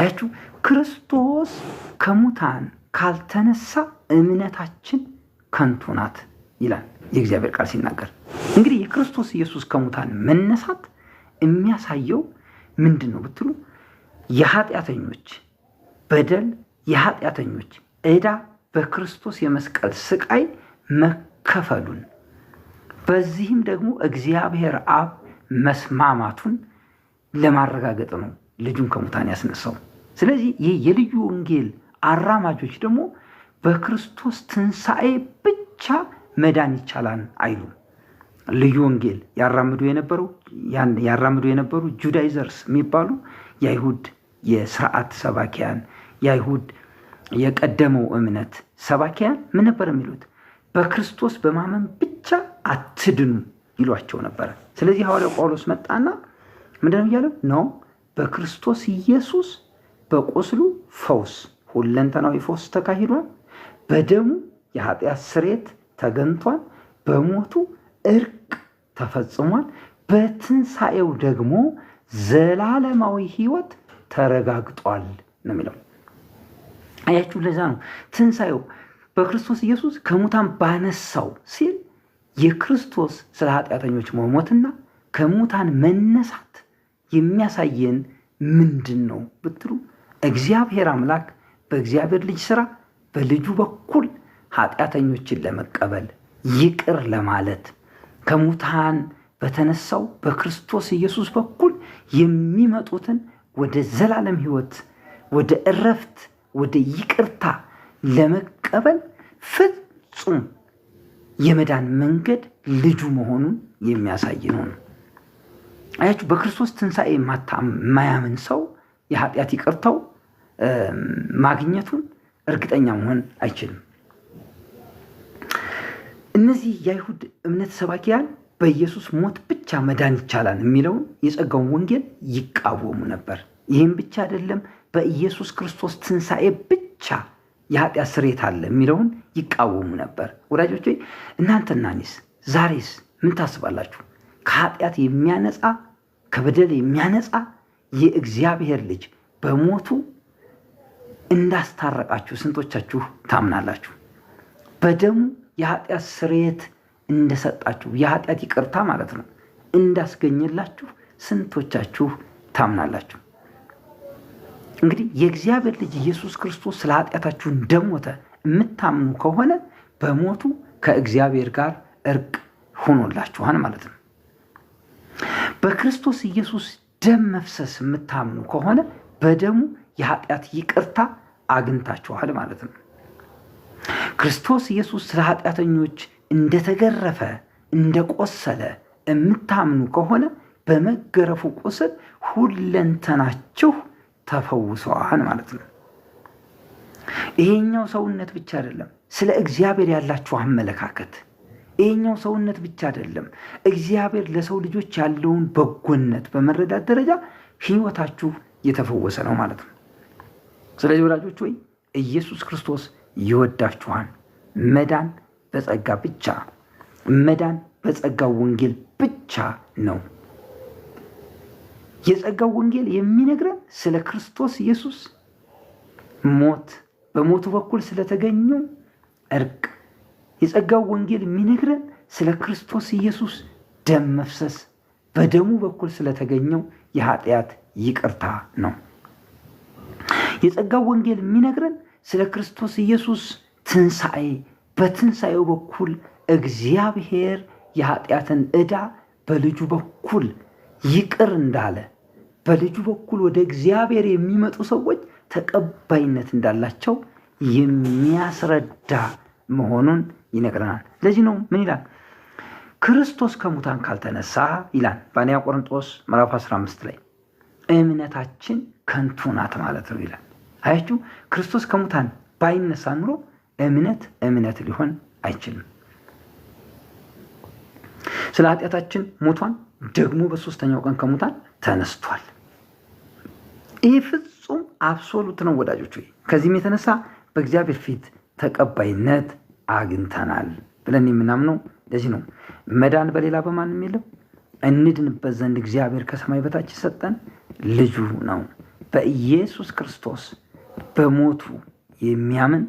አያችሁ፣ ክርስቶስ ከሙታን ካልተነሳ እምነታችን ከንቱ ናት ይላል የእግዚአብሔር ቃል ሲናገር። እንግዲህ የክርስቶስ ኢየሱስ ከሙታን መነሳት የሚያሳየው ምንድን ነው ብትሉ የኃጢአተኞች በደል የኃጢአተኞች ዕዳ በክርስቶስ የመስቀል ስቃይ መከፈሉን በዚህም ደግሞ እግዚአብሔር አብ መስማማቱን ለማረጋገጥ ነው። ልጁን ከሙታን ያስነሳው። ስለዚህ ይህ የልዩ ወንጌል አራማጆች ደግሞ በክርስቶስ ትንሣኤ ብቻ መዳን ይቻላል አይሉ። ልዩ ወንጌል ያራምዱ ያራምዱ የነበሩ ጁዳይዘርስ የሚባሉ የአይሁድ የስርዓት ሰባኪያን የአይሁድ የቀደመው እምነት ሰባኪያን ምን ነበር የሚሉት? በክርስቶስ በማመን ብቻ አትድኑ ይሏቸው ነበረ። ስለዚህ ሐዋርያው ጳውሎስ መጣና ምንድነው እያለው ነው በክርስቶስ ኢየሱስ በቁስሉ ፈውስ ሁለንተናዊ ፈውስ ተካሂዷል። በደሙ የኃጢአት ስርየት ተገንቷል። በሞቱ እርቅ ተፈጽሟል። በትንሣኤው ደግሞ ዘላለማዊ ህይወት ተረጋግጧል ነው የሚለው። አያችሁ፣ ለዛ ነው ትንሣኤው በክርስቶስ ኢየሱስ ከሙታን ባነሳው ሲል የክርስቶስ ስለ ኃጢአተኞች መሞትና ከሙታን መነሳት የሚያሳየን ምንድን ነው ብትሉ እግዚአብሔር አምላክ በእግዚአብሔር ልጅ ስራ በልጁ በኩል ኃጢአተኞችን ለመቀበል ይቅር ለማለት ከሙታን በተነሳው በክርስቶስ ኢየሱስ በኩል የሚመጡትን ወደ ዘላለም ሕይወት፣ ወደ እረፍት፣ ወደ ይቅርታ ለመቀበል ፍጹም የመዳን መንገድ ልጁ መሆኑን የሚያሳይ ነው። አያችሁ በክርስቶስ ትንሣኤ የማያምን ሰው የኃጢአት ይቅርታው ማግኘቱን እርግጠኛ መሆን አይችልም። እነዚህ የአይሁድ እምነት ሰባኪያን በኢየሱስ ሞት ብቻ መዳን ይቻላል የሚለውን የጸጋውን ወንጌል ይቃወሙ ነበር። ይህም ብቻ አይደለም፣ በኢየሱስ ክርስቶስ ትንሣኤ ብቻ የኃጢአት ስርየት አለ የሚለውን ይቃወሙ ነበር። ወዳጆች እናንተና እኔስ ዛሬስ ምን ታስባላችሁ? ከኃጢአት የሚያነጻ ከበደል የሚያነጻ የእግዚአብሔር ልጅ በሞቱ እንዳስታረቃችሁ ስንቶቻችሁ ታምናላችሁ? በደሙ የኃጢአት ስርየት እንደሰጣችሁ የኃጢአት ይቅርታ ማለት ነው እንዳስገኘላችሁ ስንቶቻችሁ ታምናላችሁ? እንግዲህ የእግዚአብሔር ልጅ ኢየሱስ ክርስቶስ ስለ ኃጢአታችሁ እንደሞተ የምታምኑ ከሆነ በሞቱ ከእግዚአብሔር ጋር እርቅ ሆኖላችኋል ማለት ነው። በክርስቶስ ኢየሱስ ደም መፍሰስ የምታምኑ ከሆነ በደሙ የኃጢአት ይቅርታ አግኝታችኋል ማለት ነው። ክርስቶስ ኢየሱስ ስለ ኃጢአተኞች እንደተገረፈ እንደቆሰለ የምታምኑ ከሆነ በመገረፉ ቁስል ሁለንተናችሁ ተፈውሰዋል ማለት ነው። ይሄኛው ሰውነት ብቻ አይደለም፣ ስለ እግዚአብሔር ያላችሁ አመለካከት ይህኛው ሰውነት ብቻ አይደለም። እግዚአብሔር ለሰው ልጆች ያለውን በጎነት በመረዳት ደረጃ ህይወታችሁ የተፈወሰ ነው ማለት ነው። ስለዚህ ወዳጆች ወይ ኢየሱስ ክርስቶስ ይወዳችኋል። መዳን በጸጋ ብቻ መዳን በጸጋው ወንጌል ብቻ ነው። የጸጋው ወንጌል የሚነግረን ስለ ክርስቶስ ኢየሱስ ሞት፣ በሞቱ በኩል ስለተገኘው እርቅ የጸጋው ወንጌል የሚነግረን ስለ ክርስቶስ ኢየሱስ ደም መፍሰስ በደሙ በኩል ስለተገኘው የኃጢአት ይቅርታ ነው። የጸጋው ወንጌል የሚነግረን ስለ ክርስቶስ ኢየሱስ ትንሣኤ፣ በትንሣኤው በኩል እግዚአብሔር የኃጢአትን ዕዳ በልጁ በኩል ይቅር እንዳለ በልጁ በኩል ወደ እግዚአብሔር የሚመጡ ሰዎች ተቀባይነት እንዳላቸው የሚያስረዳ መሆኑን ይነግረናል። ለዚህ ነው ምን ይላል? ክርስቶስ ከሙታን ካልተነሳ ይላል በአንያ ቆርንጦስ ምዕራፍ 15 ላይ እምነታችን ከንቱ ናት ማለት ነው ይላል። አያችሁ ክርስቶስ ከሙታን ባይነሳ ኑሮ እምነት እምነት ሊሆን አይችልም። ስለ ኃጢአታችን ሞቷን ደግሞ በሶስተኛው ቀን ከሙታን ተነስቷል። ይህ ፍጹም አብሶሉት ነው ወዳጆች። ከዚህም የተነሳ በእግዚአብሔር ፊት ተቀባይነት አግኝተናል ብለን የምናምነው እንደዚህ ነው። መዳን በሌላ በማንም የለም። እንድንበት ዘንድ እግዚአብሔር ከሰማይ በታች ሰጠን ልጁ ነው። በኢየሱስ ክርስቶስ በሞቱ የሚያምን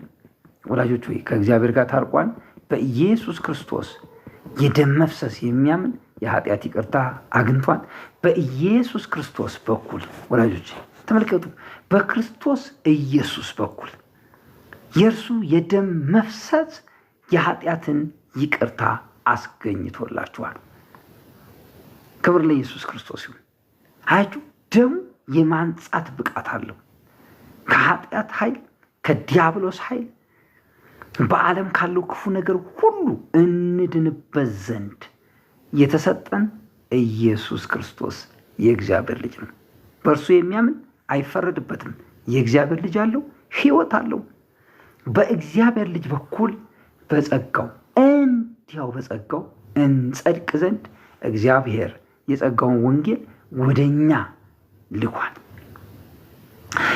ወላጆች ወይ ከእግዚአብሔር ጋር ታርቋል። በኢየሱስ ክርስቶስ የደም መፍሰስ የሚያምን የኃጢአት ይቅርታ አግኝቷል። በኢየሱስ ክርስቶስ በኩል ወላጆች ተመልከቱ። በክርስቶስ ኢየሱስ በኩል የእርሱ የደም መፍሰስ የኃጢአትን ይቅርታ አስገኝቶላችኋል። ክብር ለኢየሱስ ክርስቶስ ይሁን። አያችሁ ደሙ የማንጻት ብቃት አለው። ከኃጢአት ኃይል፣ ከዲያብሎስ ኃይል፣ በዓለም ካለው ክፉ ነገር ሁሉ እንድንበት ዘንድ የተሰጠን ኢየሱስ ክርስቶስ የእግዚአብሔር ልጅ ነው። በእርሱ የሚያምን አይፈረድበትም። የእግዚአብሔር ልጅ አለው፣ ሕይወት አለው። በእግዚአብሔር ልጅ በኩል በጸጋው እንዲያው በጸጋው እንጸድቅ ዘንድ እግዚአብሔር የጸጋውን ወንጌል ወደኛ ልኳል።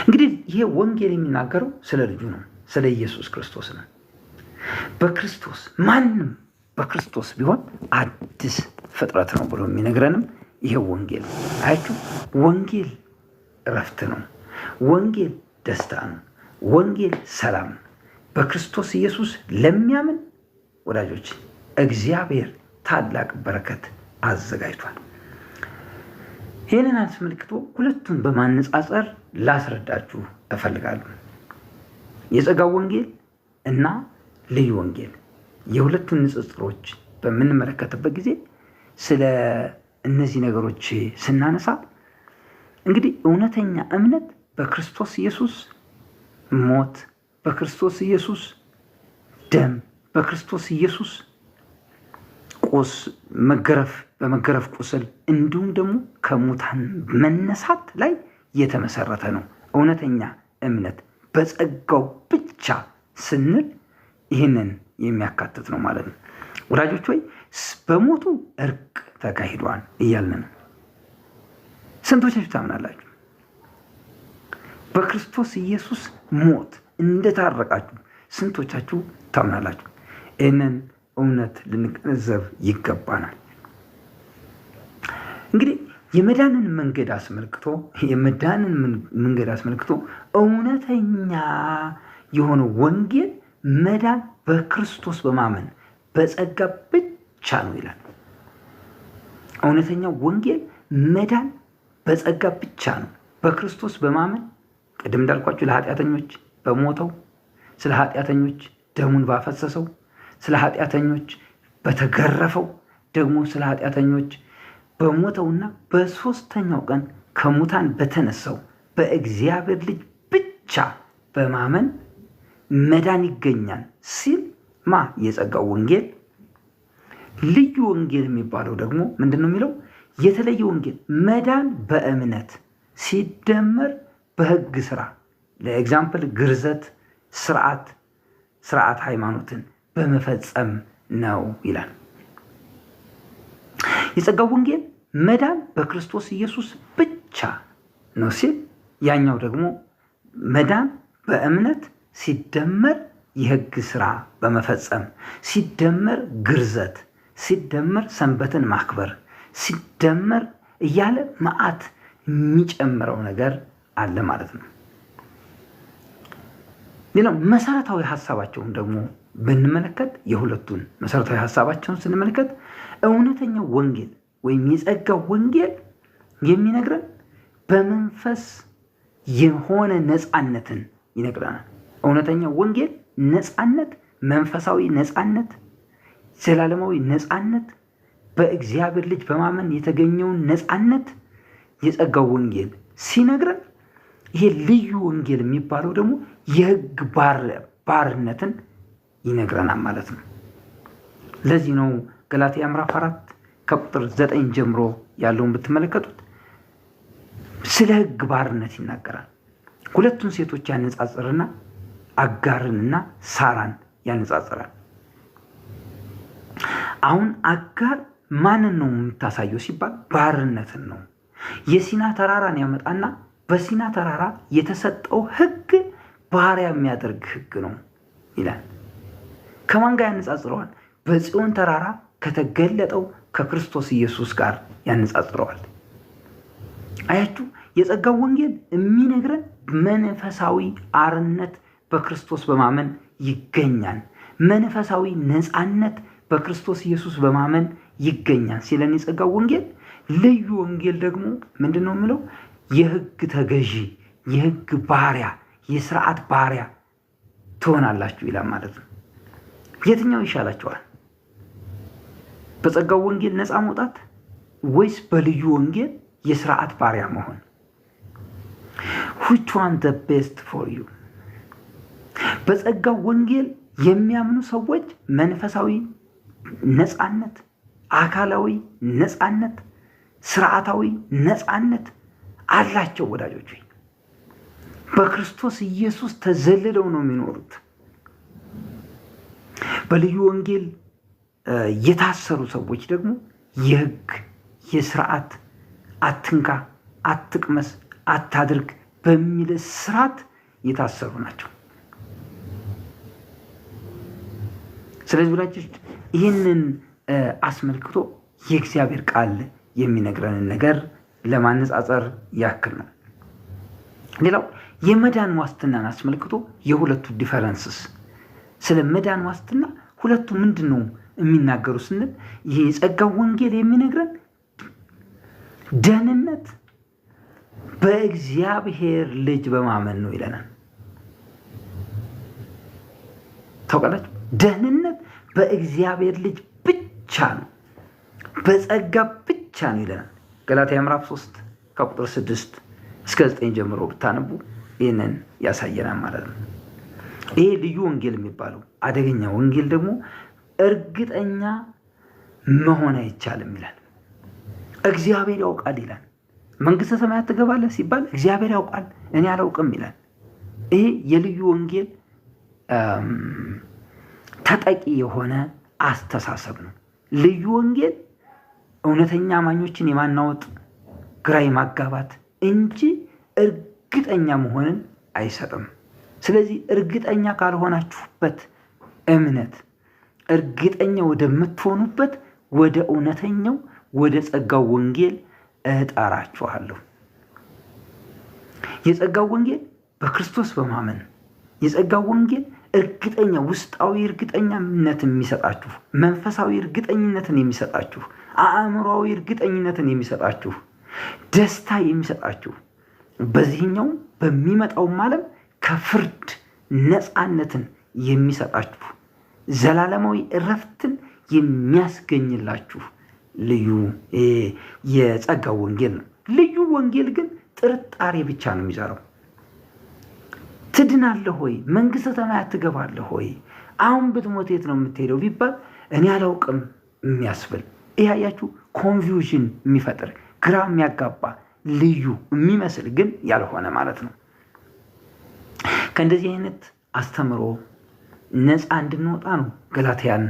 እንግዲህ ይሄ ወንጌል የሚናገረው ስለ ልጁ ነው፣ ስለ ኢየሱስ ክርስቶስ ነው። በክርስቶስ ማንም በክርስቶስ ቢሆን አዲስ ፍጥረት ነው ብሎ የሚነግረንም ይሄ ወንጌል አያችሁ፣ ወንጌል እረፍት ነው። ወንጌል ደስታ ነው። ወንጌል ሰላም ነው። በክርስቶስ ኢየሱስ ለሚያምን ወዳጆች እግዚአብሔር ታላቅ በረከት አዘጋጅቷል። ይህንን አስመልክቶ ሁለቱን በማነጻጸር ላስረዳችሁ እፈልጋለሁ። የጸጋው ወንጌል እና ልዩ ወንጌል የሁለቱን ንጽጽሮች በምንመለከትበት ጊዜ ስለ እነዚህ ነገሮች ስናነሳ እንግዲህ እውነተኛ እምነት በክርስቶስ ኢየሱስ ሞት በክርስቶስ ኢየሱስ ደም በክርስቶስ ኢየሱስ ቁስ መገረፍ በመገረፍ ቁስል እንዲሁም ደግሞ ከሙታን መነሳት ላይ የተመሰረተ ነው። እውነተኛ እምነት በጸጋው ብቻ ስንል ይህንን የሚያካትት ነው ማለት ነው። ወዳጆች ወይ በሞቱ እርቅ ተካሂዷል እያልን ነው። ስንቶቻችሁ ታምናላችሁ? በክርስቶስ ኢየሱስ ሞት እንደታረቃችሁ ስንቶቻችሁ ታምናላችሁ? ይህንን እውነት ልንገነዘብ ይገባናል። እንግዲህ የመዳንን መንገድ አስመልክቶ የመዳንን መንገድ አስመልክቶ እውነተኛ የሆነ ወንጌል መዳን በክርስቶስ በማመን በጸጋ ብቻ ነው ይላል። እውነተኛው ወንጌል መዳን በጸጋ ብቻ ነው፣ በክርስቶስ በማመን ቅድም እንዳልኳችሁ ለኃጢአተኞች በሞተው ስለ ኃጢአተኞች ደሙን ባፈሰሰው ስለ ኃጢአተኞች በተገረፈው ደግሞ ስለ ኃጢአተኞች በሞተውና በሶስተኛው ቀን ከሙታን በተነሳው በእግዚአብሔር ልጅ ብቻ በማመን መዳን ይገኛል ሲል ማ የጸጋው ወንጌል ልዩ ወንጌል የሚባለው ደግሞ ምንድን ነው የሚለው የተለየ ወንጌል መዳን በእምነት ሲደመር በህግ ስራ ለኤግዛምፕል ግርዘት፣ ስርዓት ስርዓት ሃይማኖትን በመፈጸም ነው ይላል። የጸጋው ወንጌል መዳን በክርስቶስ ኢየሱስ ብቻ ነው ሲል ያኛው ደግሞ መዳን በእምነት ሲደመር የህግ ስራ በመፈጸም ሲደመር ግርዘት ሲደመር ሰንበትን ማክበር ሲደመር እያለ መዓት የሚጨምረው ነገር አለ ማለት ነው። ሌላው መሰረታዊ ሀሳባቸውን ደግሞ ብንመለከት የሁለቱን መሰረታዊ ሀሳባቸውን ስንመለከት እውነተኛው ወንጌል ወይም የጸጋው ወንጌል የሚነግረን በመንፈስ የሆነ ነፃነትን ይነግረናል። እውነተኛው ወንጌል ነፃነት፣ መንፈሳዊ ነፃነት፣ ዘላለማዊ ነፃነት፣ በእግዚአብሔር ልጅ በማመን የተገኘውን ነፃነት የጸጋው ወንጌል ሲነግረን ይሄ ልዩ ወንጌል የሚባለው ደግሞ የህግ ባርነትን ይነግረናል ማለት ነው። ለዚህ ነው ገላትያ ምዕራፍ አራት ከቁጥር ዘጠኝ ጀምሮ ያለውን ብትመለከቱት ስለ ህግ ባርነት ይናገራል። ሁለቱን ሴቶች ያነጻጽርና አጋርንና ሳራን ያነጻጽራል። አሁን አጋር ማንን ነው የምታሳየው ሲባል ባርነትን ነው። የሲና ተራራን ያመጣና በሲና ተራራ የተሰጠው ህግ ባሪያ የሚያደርግ ህግ ነው ይላል። ከማን ጋር ያነጻጽረዋል? በጽዮን ተራራ ከተገለጠው ከክርስቶስ ኢየሱስ ጋር ያነጻጽረዋል። አያችሁ፣ የጸጋው ወንጌል የሚነግረን መንፈሳዊ አርነት በክርስቶስ በማመን ይገኛል። መንፈሳዊ ነፃነት በክርስቶስ ኢየሱስ በማመን ይገኛል ሲለን የጸጋው ወንጌል ልዩ ወንጌል ደግሞ ምንድን ነው የምለው የህግ ተገዢ፣ የህግ ባሪያ፣ የስርዓት ባሪያ ትሆናላችሁ ይላል ማለት ነው። የትኛው ይሻላችኋል? በጸጋው ወንጌል ነፃ መውጣት ወይስ በልዩ ወንጌል የስርዓት ባሪያ መሆን? which one the best for በጸጋው ወንጌል የሚያምኑ ሰዎች መንፈሳዊ ነፃነት፣ አካላዊ ነፃነት፣ ስርዓታዊ ነፃነት አላቸው። ወዳጆች በክርስቶስ ኢየሱስ ተዘልለው ነው የሚኖሩት። በልዩ ወንጌል የታሰሩ ሰዎች ደግሞ የህግ፣ የስርዓት አትንካ፣ አትቅመስ፣ አታድርግ በሚል ስርዓት የታሰሩ ናቸው። ስለዚህ ወዳጆች ይህንን አስመልክቶ የእግዚአብሔር ቃል የሚነግረንን ነገር ለማነጻጸር ያክል ነው። ሌላው የመዳን ዋስትናን አስመልክቶ የሁለቱ ዲፈረንስስ ስለ መዳን ዋስትና ሁለቱ ምንድን ነው የሚናገሩ ስንል ይህ የጸጋው ወንጌል የሚነግረን ደህንነት በእግዚአብሔር ልጅ በማመን ነው ይለናል። ታውቃላችሁ፣ ደህንነት በእግዚአብሔር ልጅ ብቻ ነው፣ በጸጋ ብቻ ነው ይለናል። ገላትያ ምዕራፍ 3 ከቁጥር 6 እስከ 9 ጀምሮ ብታነቡ ይህንን ያሳየናል ማለት ነው። ይሄ ልዩ ወንጌል የሚባለው አደገኛ ወንጌል ደግሞ እርግጠኛ መሆን አይቻልም ይላል። እግዚአብሔር ያውቃል ይላል። መንግስተ ሰማያት ትገባለህ ሲባል እግዚአብሔር ያውቃል እኔ አላውቅም ይላል። ይሄ የልዩ ወንጌል ተጠቂ የሆነ አስተሳሰብ ነው። ልዩ ወንጌል እውነተኛ አማኞችን የማናወጥ ግራ የማጋባት እንጂ እርግጠኛ መሆንን አይሰጥም። ስለዚህ እርግጠኛ ካልሆናችሁበት እምነት እርግጠኛ ወደምትሆኑበት ወደ እውነተኛው ወደ ጸጋው ወንጌል እጠራችኋለሁ። የጸጋው ወንጌል በክርስቶስ በማመን የጸጋው ወንጌል እርግጠኛ ውስጣዊ እርግጠኛነት የሚሰጣችሁ መንፈሳዊ እርግጠኝነትን የሚሰጣችሁ አእምሯዊ እርግጠኝነትን የሚሰጣችሁ ደስታ የሚሰጣችሁ በዚህኛው በሚመጣውም ዓለም ከፍርድ ነፃነትን የሚሰጣችሁ ዘላለማዊ እረፍትን የሚያስገኝላችሁ ልዩ የጸጋው ወንጌል ነው። ልዩ ወንጌል ግን ጥርጣሬ ብቻ ነው የሚዘራው። ትድናለህ ሆይ መንግሥተ ሰማያት ትገባለህ ሆይ አሁን ብትሞት የት ነው የምትሄደው ቢባል እኔ አላውቅም የሚያስብል ይህ ያያችሁ ኮንፊውዥን የሚፈጥር ግራ የሚያጋባ ልዩ የሚመስል ግን ያልሆነ ማለት ነው። ከእንደዚህ አይነት አስተምሮ ነፃ እንድንወጣ ነው ገላትያን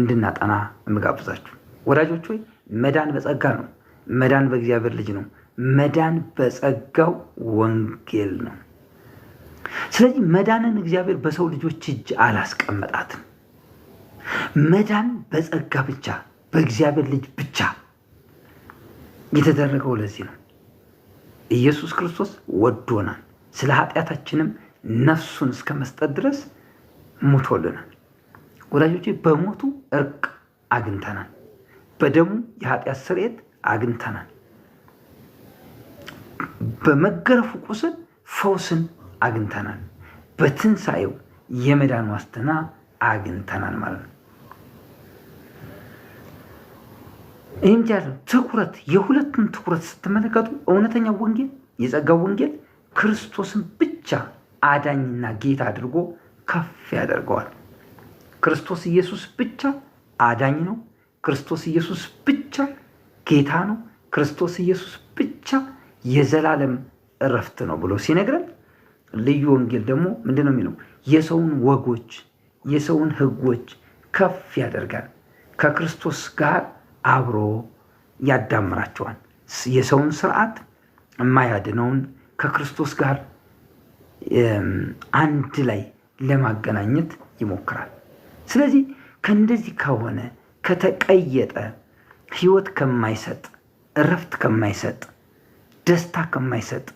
እንድናጠና የምጋብዛችሁ ወዳጆች። ወይ መዳን በጸጋ ነው። መዳን በእግዚአብሔር ልጅ ነው። መዳን በጸጋው ወንጌል ነው። ስለዚህ መዳንን እግዚአብሔር በሰው ልጆች እጅ አላስቀመጣትም። መዳን በጸጋ ብቻ በእግዚአብሔር ልጅ ብቻ የተደረገው ለዚህ ነው። ኢየሱስ ክርስቶስ ወዶናል፣ ስለ ኃጢአታችንም ነፍሱን እስከ መስጠት ድረስ ሙቶልናል። ወዳጆቼ በሞቱ እርቅ አግኝተናል፣ በደሙ የኃጢአት ስርየት አግኝተናል፣ በመገረፉ ቁስል ፈውስን አግኝተናል፣ በትንሣኤው የመዳን ዋስትና አግኝተናል ማለት ነው። እንጃ ትኩረት የሁለቱን ትኩረት ስትመለከቱ እውነተኛ ወንጌል የጸጋው ወንጌል ክርስቶስን ብቻ አዳኝና ጌታ አድርጎ ከፍ ያደርገዋል። ክርስቶስ ኢየሱስ ብቻ አዳኝ ነው። ክርስቶስ ኢየሱስ ብቻ ጌታ ነው። ክርስቶስ ኢየሱስ ብቻ የዘላለም እረፍት ነው ብሎ ሲነግረን ልዩ ወንጌል ደግሞ ምንድን ነው የሚለው? የሰውን ወጎች የሰውን ሕጎች ከፍ ያደርጋል ከክርስቶስ ጋር አብሮ ያዳምራቸዋል። የሰውን ስርዓት የማያድነውን ከክርስቶስ ጋር አንድ ላይ ለማገናኘት ይሞክራል። ስለዚህ ከእንደዚህ ከሆነ ከተቀየጠ ህይወት ከማይሰጥ እረፍት ከማይሰጥ ደስታ ከማይሰጥ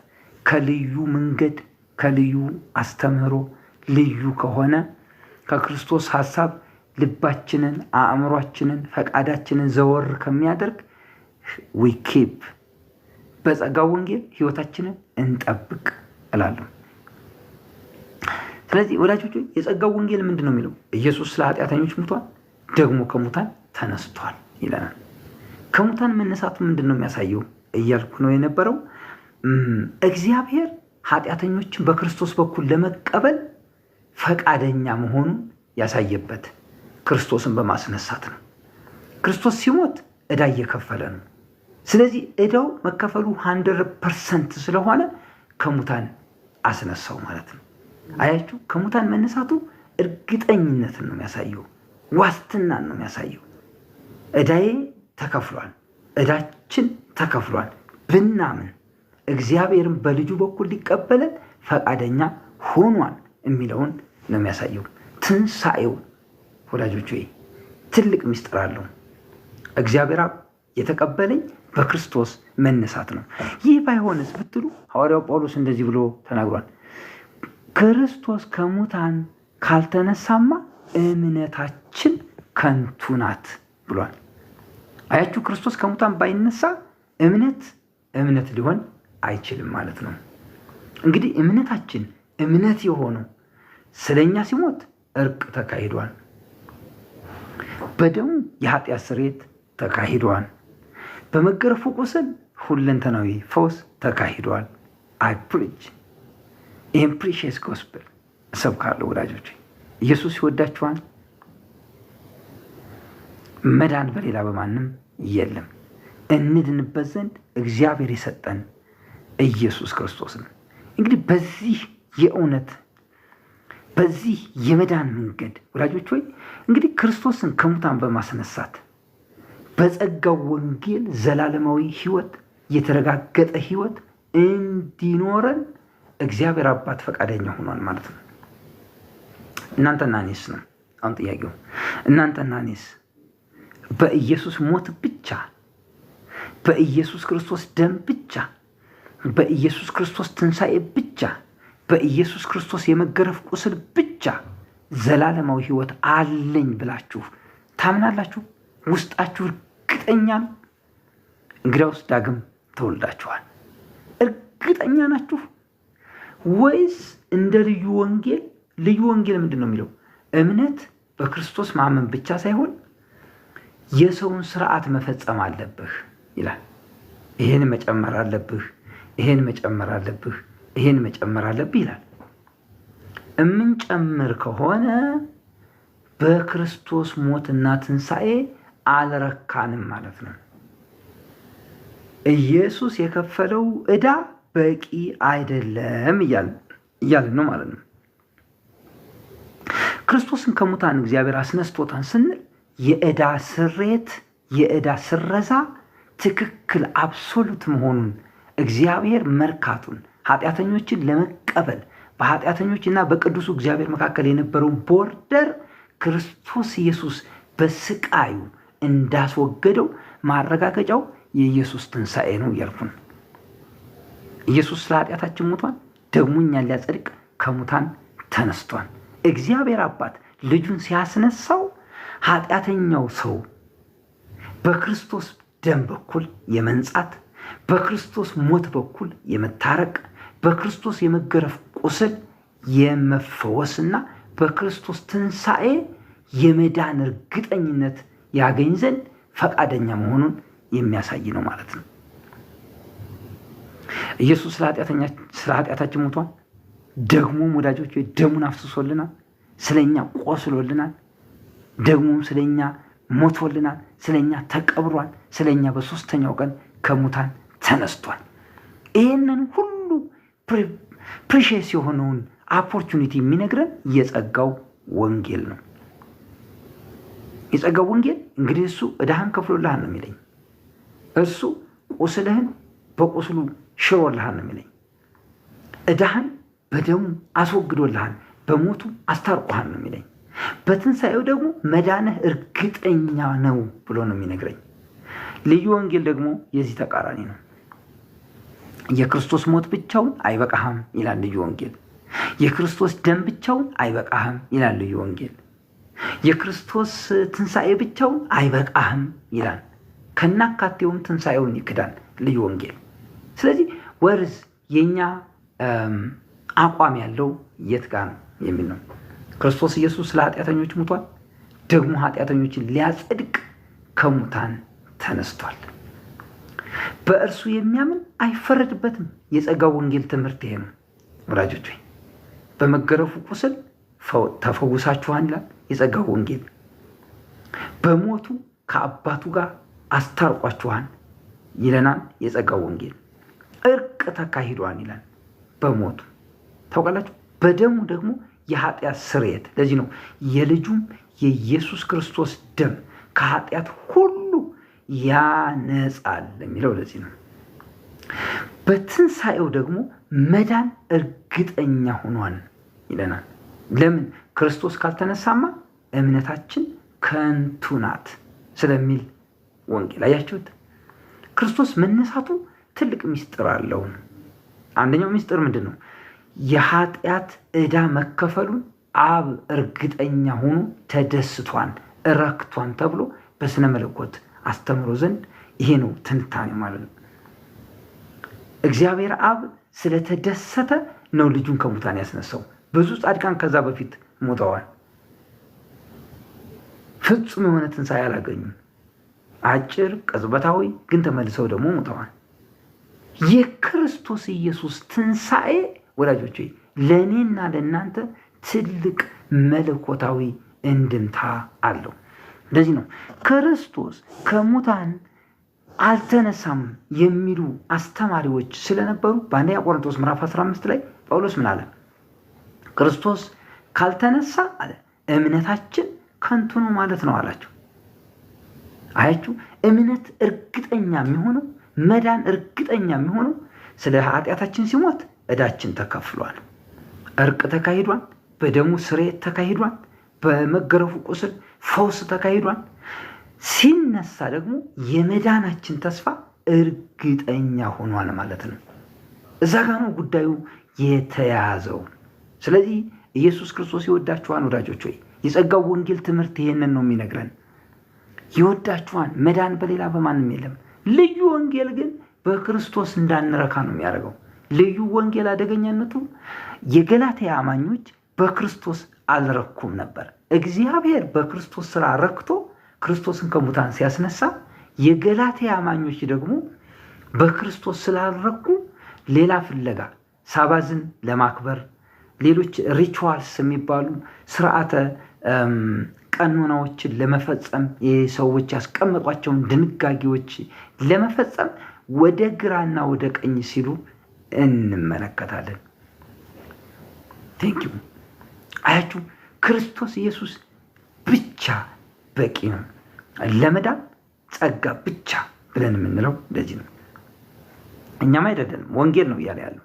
ከልዩ መንገድ ከልዩ አስተምህሮ ልዩ ከሆነ ከክርስቶስ ሐሳብ ልባችንን፣ አእምሯችንን፣ ፈቃዳችንን ዘወር ከሚያደርግ ዊኪፕ በጸጋው ወንጌል ህይወታችንን እንጠብቅ እላለሁ። ስለዚህ ወዳጆች የጸጋው ወንጌል ምንድን ነው የሚለው? ኢየሱስ ስለ ኃጢአተኞች ሙቷል፣ ደግሞ ከሙታን ተነስቷል ይለናል። ከሙታን መነሳቱ ምንድን ነው የሚያሳየው እያልኩ ነው የነበረው። እግዚአብሔር ኃጢአተኞችን በክርስቶስ በኩል ለመቀበል ፈቃደኛ መሆኑን ያሳየበት ክርስቶስን በማስነሳት ነው። ክርስቶስ ሲሞት እዳ እየከፈለ ነው። ስለዚህ እዳው መከፈሉ ሀንድረድ ፐርሰንት ስለሆነ ከሙታን አስነሳው ማለት ነው። አያችሁ፣ ከሙታን መነሳቱ እርግጠኝነትን ነው የሚያሳየው፣ ዋስትናን ነው የሚያሳየው። እዳዬ ተከፍሏል፣ እዳችን ተከፍሏል ብናምን እግዚአብሔርን በልጁ በኩል ሊቀበለን ፈቃደኛ ሆኗል የሚለውን ነው የሚያሳየው ትንሣኤው ወዳጆች ወይ ትልቅ ምስጢር አለው። እግዚአብሔር አብ የተቀበለኝ በክርስቶስ መነሳት ነው። ይህ ባይሆንስ ብትሉ ሐዋርያው ጳውሎስ እንደዚህ ብሎ ተናግሯል። ክርስቶስ ከሙታን ካልተነሳማ እምነታችን ከንቱ ናት ብሏል። አያችሁ፣ ክርስቶስ ከሙታን ባይነሳ እምነት እምነት ሊሆን አይችልም ማለት ነው። እንግዲህ እምነታችን እምነት የሆነው ስለኛ ሲሞት እርቅ ተካሂዷል። በደሙ የኃጢአት ስርየት ተካሂዷል። በመገረፉ ቁስል ሁለንተናዊ ፈውስ ተካሂዷል። አይ ፕሪች ይህን ፕሪሽስ ጎስፕል እሰብካለሁ ወዳጆች። ኢየሱስ ይወዳችኋል። መዳን በሌላ በማንም የለም። እንድንበት ዘንድ እግዚአብሔር የሰጠን ኢየሱስ ክርስቶስ ነው። እንግዲህ በዚህ የእውነት በዚህ የመዳን መንገድ ወዳጆች ሆይ እንግዲህ ክርስቶስን ከሙታን በማስነሳት በጸጋው ወንጌል ዘላለማዊ ህይወት የተረጋገጠ ህይወት እንዲኖረን እግዚአብሔር አባት ፈቃደኛ ሆኗል ማለት ነው። እናንተና እኔስ ነው አሁን ጥያቄው። እናንተና እኔስ በኢየሱስ ሞት ብቻ በኢየሱስ ክርስቶስ ደም ብቻ በኢየሱስ ክርስቶስ ትንሣኤ ብቻ በኢየሱስ ክርስቶስ የመገረፍ ቁስል ብቻ ዘላለማዊ ሕይወት አለኝ ብላችሁ ታምናላችሁ? ውስጣችሁ እርግጠኛ ነው? እንግዲያውስ ዳግም ተወልዳችኋል። እርግጠኛ ናችሁ ወይስ እንደ ልዩ ወንጌል? ልዩ ወንጌል ምንድን ነው የሚለው? እምነት በክርስቶስ ማመን ብቻ ሳይሆን የሰውን ስርዓት መፈጸም አለብህ ይላል። ይህን መጨመር አለብህ፣ ይህን መጨመር አለብህ ይሄን መጨመር አለብህ ይላል። እምንጨምር ከሆነ በክርስቶስ ሞትና ትንሣኤ አልረካንም ማለት ነው። ኢየሱስ የከፈለው ዕዳ በቂ አይደለም እያልን ነው ማለት ነው። ክርስቶስን ከሙታን እግዚአብሔር አስነስቶታን ስንል የዕዳ ስሬት የዕዳ ስረዛ ትክክል አብሶሉት መሆኑን እግዚአብሔር መርካቱን ኃጢአተኞችን ለመቀበል በኃጢአተኞችና በቅዱሱ እግዚአብሔር መካከል የነበረውን ቦርደር ክርስቶስ ኢየሱስ በስቃዩ እንዳስወገደው ማረጋገጫው የኢየሱስ ትንሣኤ ነው ያልኩን ኢየሱስ ስለ ኃጢአታችን ሙቷን ደግሞ እኛን ሊያጸድቅ ከሙታን ተነስቷል። እግዚአብሔር አባት ልጁን ሲያስነሳው ኃጢአተኛው ሰው በክርስቶስ ደም በኩል የመንጻት በክርስቶስ ሞት በኩል የመታረቅ በክርስቶስ የመገረፍ ቁስል የመፈወስና በክርስቶስ ትንሣኤ የመዳን እርግጠኝነት ያገኝ ዘንድ ፈቃደኛ መሆኑን የሚያሳይ ነው ማለት ነው። ኢየሱስ ስለ ኃጢአታችን ሞቷል። ደግሞም ወዳጆች ደሙን አፍስሶልናል፣ ስለኛ ቆስሎልናል፣ ደግሞም ስለኛ ሞቶልናል፣ ስለኛ ተቀብሯል፣ ስለኛ በሶስተኛው ቀን ከሙታን ተነስቷል። ይህንን ሁሉ ፕሬሽስ የሆነውን አፖርቹኒቲ የሚነግረን የጸጋው ወንጌል ነው። የጸጋው ወንጌል እንግዲህ እሱ እዳህን ከፍሎልሃል ነው የሚለኝ። እሱ ቁስልህን በቁስሉ ሽሮልሃል ነው የሚለኝ። እዳህን በደሙ አስወግዶልሃል፣ በሞቱ አስታርቆሃን ነው የሚለኝ። በትንሣኤው ደግሞ መዳንህ እርግጠኛ ነው ብሎ ነው የሚነግረኝ። ልዩ ወንጌል ደግሞ የዚህ ተቃራኒ ነው። የክርስቶስ ሞት ብቻውን አይበቃህም ይላል ልዩ ወንጌል። የክርስቶስ ደም ብቻውን አይበቃህም ይላል ልዩ ወንጌል። የክርስቶስ ትንሣኤ ብቻውን አይበቃህም ይላል። ከናካቴውም ትንሣኤውን ይክዳል ልዩ ወንጌል። ስለዚህ ወርዝ የእኛ አቋም ያለው የት ጋ ነው የሚል ነው። ክርስቶስ ኢየሱስ ስለ ኃጢአተኞች ሙቷል፣ ደግሞ ኃጢአተኞችን ሊያጸድቅ ከሙታን ተነስቷል። በእርሱ የሚያምን አይፈረድበትም። የጸጋው ወንጌል ትምህርት ይሄ ነው። ወዳጆች ወይ በመገረፉ ቁስል ተፈውሳችኋን ይላል የጸጋው ወንጌል። በሞቱ ከአባቱ ጋር አስታርቋችኋን ይለናል የጸጋው ወንጌል። እርቅ ተካሂዷን ይላል በሞቱ ታውቃላችሁ። በደሙ ደግሞ የኃጢአት ስርየት። ለዚህ ነው የልጁም የኢየሱስ ክርስቶስ ደም ከኃጢአት ሁሉ ያነጻል የሚለው ለዚህ ነው። በትንሣኤው ደግሞ መዳን እርግጠኛ ሆኗል ይለናል። ለምን? ክርስቶስ ካልተነሳማ እምነታችን ከንቱ ናት ስለሚል ወንጌል አያችሁት። ክርስቶስ መነሳቱ ትልቅ ምስጢር አለው። አንደኛው ምስጢር ምንድን ነው? የኃጢአት ዕዳ መከፈሉን አብ እርግጠኛ ሆኖ ተደስቷን እረክቷን ተብሎ በስነ መለኮት አስተምሮ ዘንድ ይሄ ነው ትንታኔ ማለት ነው። እግዚአብሔር አብ ስለተደሰተ ነው ልጁን ከሙታን ያስነሳው። ብዙ ጻድቃን ከዛ በፊት ሞተዋል። ፍጹም የሆነ ትንሣኤ አላገኙም። አጭር ቅጽበታዊ ግን ተመልሰው ደግሞ ሞተዋል። የክርስቶስ ኢየሱስ ትንሣኤ ወዳጆች ለእኔና ለእናንተ ትልቅ መለኮታዊ እንድምታ አለው። እንደዚህ ነው። ክርስቶስ ከሙታን አልተነሳም የሚሉ አስተማሪዎች ስለነበሩ በአንደኛ ቆሮንቶስ ምዕራፍ 15 ላይ ጳውሎስ ምን አለ? ክርስቶስ ካልተነሳ አለ እምነታችን ከንቱ ነው ማለት ነው አላቸው። አያችሁ፣ እምነት እርግጠኛ የሚሆነው መዳን እርግጠኛ የሚሆነው ስለ ኃጢአታችን ሲሞት እዳችን ተከፍሏል፣ እርቅ ተካሂዷል፣ በደሙ ስርየት ተካሂዷል፣ በመገረፉ ቁስል ፈውስ ተካሂዷል። ሲነሳ ደግሞ የመዳናችን ተስፋ እርግጠኛ ሆኗል ማለት ነው። እዛ ጋ ነው ጉዳዩ የተያዘው። ስለዚህ ኢየሱስ ክርስቶስ ይወዳችኋል ወዳጆች ሆይ የጸጋው ወንጌል ትምህርት ይሄንን ነው የሚነግረን። ይወዳችኋል። መዳን በሌላ በማንም የለም። ልዩ ወንጌል ግን በክርስቶስ እንዳንረካ ነው የሚያደርገው። ልዩ ወንጌል አደገኛነቱ የገላትያ አማኞች በክርስቶስ አልረኩም ነበር። እግዚአብሔር በክርስቶስ ስራ ረክቶ ክርስቶስን ከሙታን ሲያስነሳ የገላትያ አማኞች ደግሞ በክርስቶስ ስላልረኩ ሌላ ፍለጋ ሳባዝን ለማክበር ሌሎች ሪቹዋልስ የሚባሉ ስርዓተ ቀኖናዎችን ለመፈጸም የሰዎች ያስቀመጧቸውን ድንጋጌዎች ለመፈጸም ወደ ግራና ወደ ቀኝ ሲሉ እንመለከታለን። ቴንኪዩ አያችሁ። ክርስቶስ ኢየሱስ ብቻ በቂ ነው። ለመዳን ጸጋ ብቻ ብለን የምንለው እንደዚህ ነው። እኛም አይደለንም፣ ወንጌል ነው እያለ ያለው።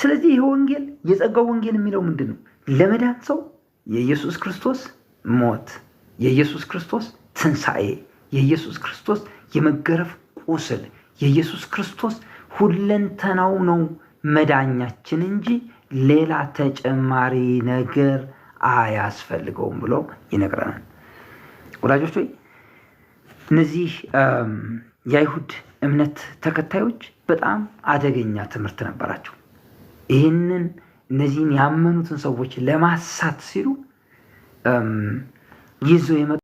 ስለዚህ ይህ ወንጌል የጸጋው ወንጌል የሚለው ምንድን ነው? ለመዳን ሰው የኢየሱስ ክርስቶስ ሞት፣ የኢየሱስ ክርስቶስ ትንሣኤ፣ የኢየሱስ ክርስቶስ የመገረፍ ቁስል፣ የኢየሱስ ክርስቶስ ሁለንተናው ነው መዳኛችን እንጂ ሌላ ተጨማሪ ነገር አያስፈልገውም ብሎ ይነግረናል። ወላጆች ሆይ እነዚህ የአይሁድ እምነት ተከታዮች በጣም አደገኛ ትምህርት ነበራቸው። ይህንን እነዚህን ያመኑትን ሰዎች ለማሳት ሲሉ ይዘው